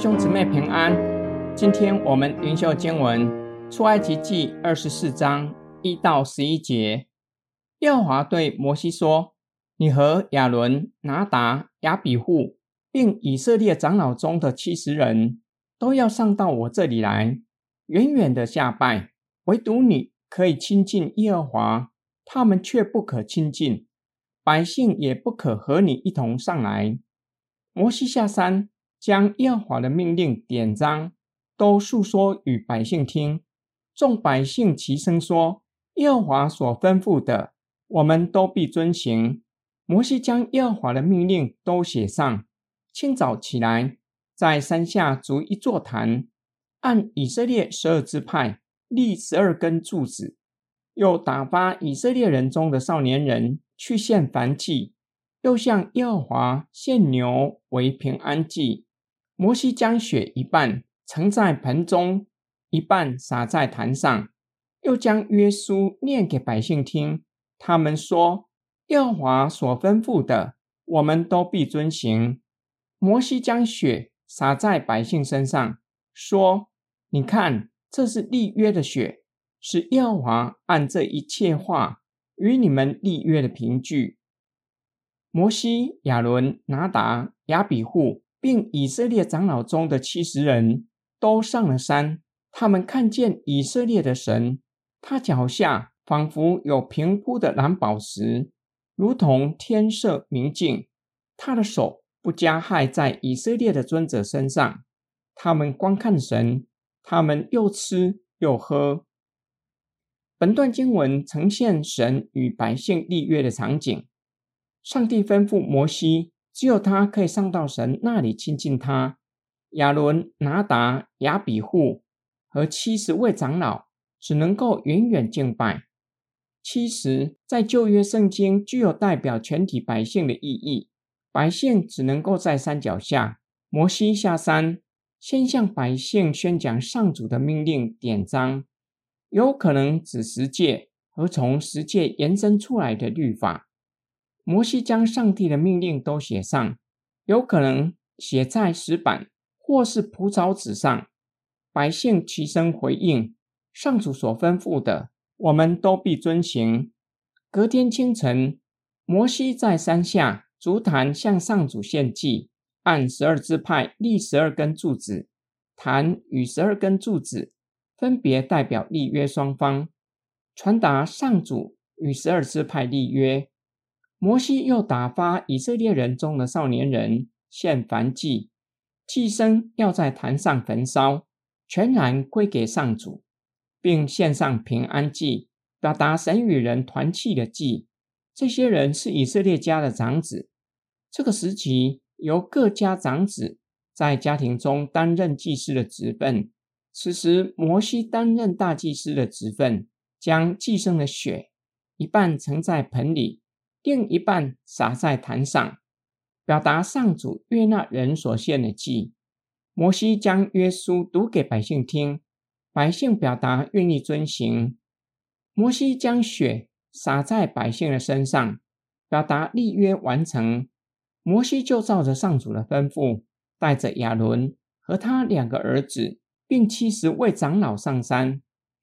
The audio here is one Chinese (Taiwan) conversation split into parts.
弟兄姊妹平安，今天我們靈修經文出埃及記二十四章一到十一節，耶和華對摩西說：“你和亞倫、拿答、亞比戶，並以色列長老中的七十人，都要上到我這裡來，遠遠地下拜。唯獨你可以親近耶和華，他們卻不可親近，百姓也不可和你一同上來。”摩西下山，將耶和華的命令典章、典章都述說與百姓聽，眾百姓齊聲說：“耶和華所吩咐的，我們都必遵行。”摩西將耶和華的命令都寫上。清早起來，在山下築一座壇，按以色列十二支派立十二根柱子，又打發以色列人中的少年人去獻燔祭，又向耶和華獻牛為平安祭。摩西將血一半盛在盆中，一半撒在壇上，又將約書念給百姓聽。他們說：“耶和華所吩咐的，我們都必遵行。”摩西將血撒在百姓身上，說：“你看，這是立約的血，是耶和華按這一切話與你們立約的憑據。”摩西、亞倫、拿答、亞比戶。並以色列長老中的七十人都上了山。他們看見以色列的神，他腳下仿佛有平鋪的藍寶石，如同天色明淨。他的手不加害在以色列的尊者身上。他們觀看神，他們又吃又喝。本段經文呈現神與百姓立約的場景。上帝吩咐摩西。只有他可以上到神那裡親近他。亞倫、拿達、亞比戶和七十位長老只能夠遠遠敬拜。七十在舊約聖經具有代表全體百姓的意義，百姓只能夠在山腳下。摩西下山，先向百姓宣講上主的命令典章，有可能指十誡和從十誡延伸出來的律法。摩西將上帝的命令都寫上，有可能寫在石版或是蒲草紙上。百姓齊聲回應：“上主所吩咐的，我們都必遵行。”隔天清晨，摩西在山下築壇向上主獻祭，按十二支派立十二根柱子，壇與十二根柱子分別代表立約雙方，傳達上主與十二支派立約。摩西又打發以色列人中的少年人獻燔祭，祭牲要在壇上焚燒，全然歸給上主，並獻上平安祭，表達神與人團契的祭。這些人是以色列家的長子，這個時期由各家長子在家庭中擔任祭司的職分。此時，摩西擔任大祭司的職分，將祭牲的血一半盛在盆裡。另一半撒在壇上，表達上主悅納人所獻的祭。摩西將約書讀給百姓聽，百姓表達願意遵行。摩西將血撒在百姓的身上，表達立約完成。摩西就照着上主的吩咐，帶着亞倫和他兩個兒子，並七十位長老上山，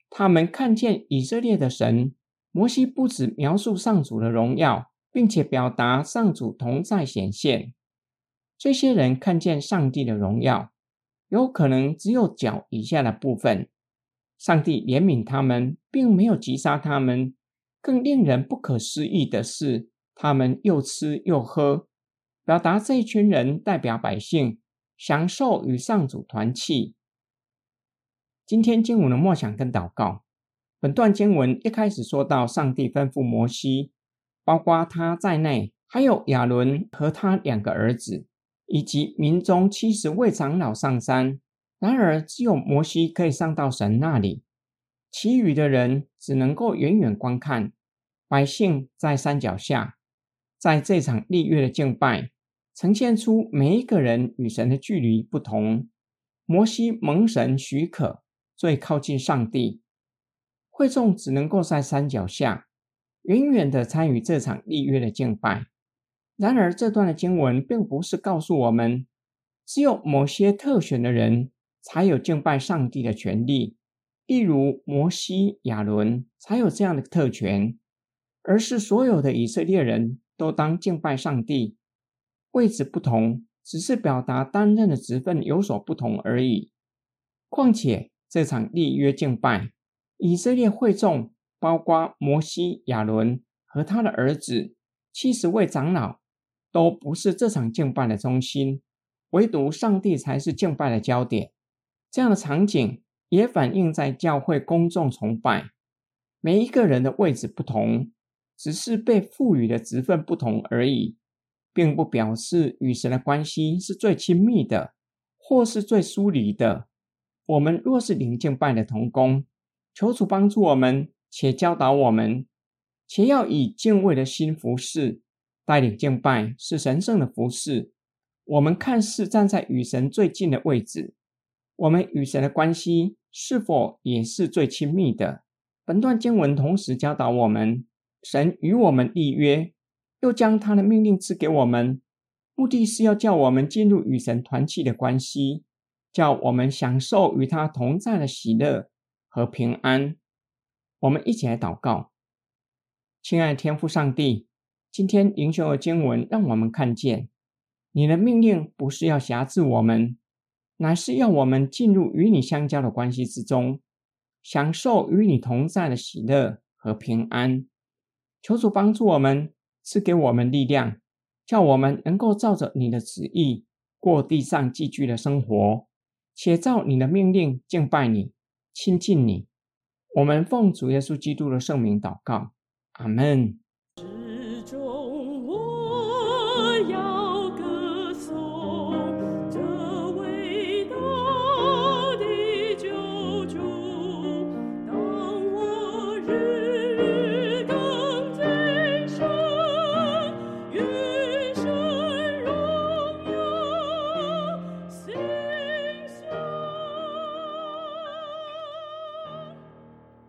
他們看見以色列的神。摩西不只描述上主的榮耀，並且表達上主同在顯現。這些人看見上帝的榮耀，有可能只有腳以下的部分。上帝憐憫他們，並沒有擊殺他們。更令人不可思議的是，他們又吃又喝。表達這一群人代表百姓享受與上主團契。今天經文的默想跟禱告。本段經文一開始說到，上帝吩咐摩西，包括他在內，還有亞倫和他兩個兒子，以及民中七十位長老上山。然而，只有摩西可以上到神那裡，其餘的人只能夠遠遠觀看。百姓在山腳下，在這場立約的敬拜，呈現出每一個人與神的距離不同。摩西蒙神許可，最靠近上帝。會眾只能夠在山腳下遠遠地參與這場立約的敬拜。然而，這段的經文並不是告訴我們只有某些特選的人才有敬拜上帝的權利，例如摩西、亞倫才有這樣的特權，而是所有的以色列人都當敬拜上帝。位置不同，只是表達擔任的職分有所不同而已。況且，這場立約敬拜，以色列會眾，包括摩西、亞倫和他的兒子、七十位長老，都不是這場敬拜的中心，唯獨上帝才是敬拜的焦點。這樣的場景也反映在教會公眾崇拜，每一個人的位置不同，只是被賦予的職分不同而已，並不表示與神的關係是最親密的，或是最疏離的。我們若是領敬拜的同工，求主幫助我們，且教導我們，且要以敬畏的心服侍，帶領敬拜是神聖的服侍。我們看似站在與神最近的位置，我們與神的關係是否也是最親密的？本段經文同時教導我們，神與我們立約，又將他的命令賜給我們，目的是要叫我們進入與神團契的關係，叫我們享受與他同在的喜樂和平安，我們一起來禱告。親愛的天父上帝，今天靈修的經文讓我們看見，你的命令不是要挾制我們，乃是要我們進入與你相交的關係之中，享受與你同在的喜樂和平安。求主幫助我們，賜給我們力量，叫我們能夠照着你的旨意，過地上寄居的生活，且照你的命令敬拜你。親近你，我們奉主耶穌基督的聖名禱告，阿門。